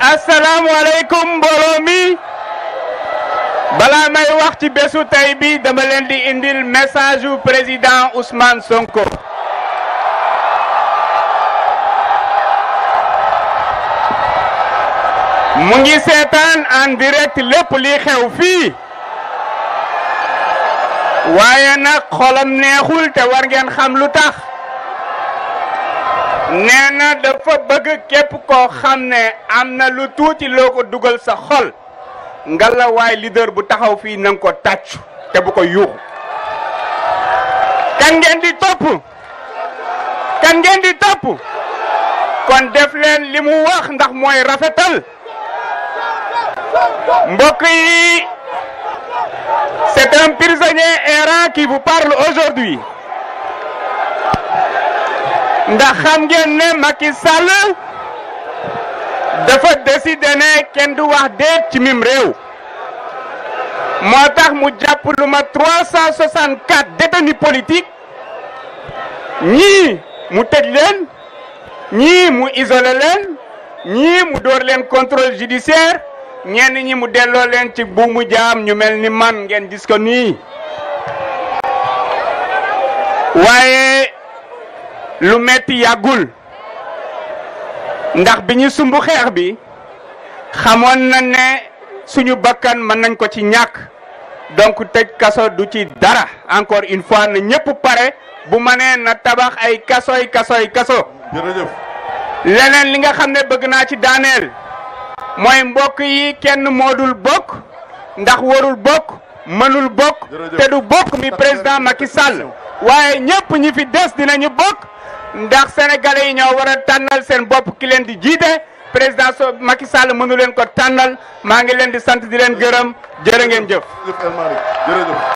asalaamualeykum mbooloo mi balaa may wax ci tey bi dama leen di indil message yu président Ousmane Sonko. mu ngi seetaan en direct lépp li xew fii. waaye nag xolam neexul te war ngeen xam lu tax. nee dafa bëgg képp koo xam ne am na lu tuuti loo ko dugal sa xol ngalawaay leader bu taxaw fii na nga ko tàccu te bu ko yuuxu kan ngeen di topp kan ngeen di topp kon def leen li mu wax ndax mooy rafetal mbokk yi c'est un prisonnier errant qui vous parle aujourd'hui ndax xam ngeen ne Macky Sall dafa décidé ne kenn du wax déet ci mim réew moo tax mu jàpp lu ma 364 détenus politiques ñii mu tëj leen ñii mu isolé leen ñii mu door leen contrôle judiciaire ñenn ñi mu delloo leen ci jaam ñu mel ni man ngeen gis ko nii waaye lu metti yàggul ndax bi ñu sumb xeex bi xamoon na ne suñu bakkan mën nañ ko ci ñàkk donc teg kaso du ci dara encore une fois na ñëpp pare bu mënee na tabax ay kasoy kasoy kaso. jërëjëf. leneen li nga xam ne bëgg naa ci daaneel. mooy mbokk yi kenn moodul bokk ndax warul bokk mënul bokk te du bokk mi président Macky Sall. waaye ñëpp ñi fi des dinañu bokk ndax sénégalais yi ñoo war a tànnal seen bopp ki leen di jiite président so Macky Sall mënu leen ko tànnal maa ngi leen di sant di leen gërëm jërë ngeen jëf.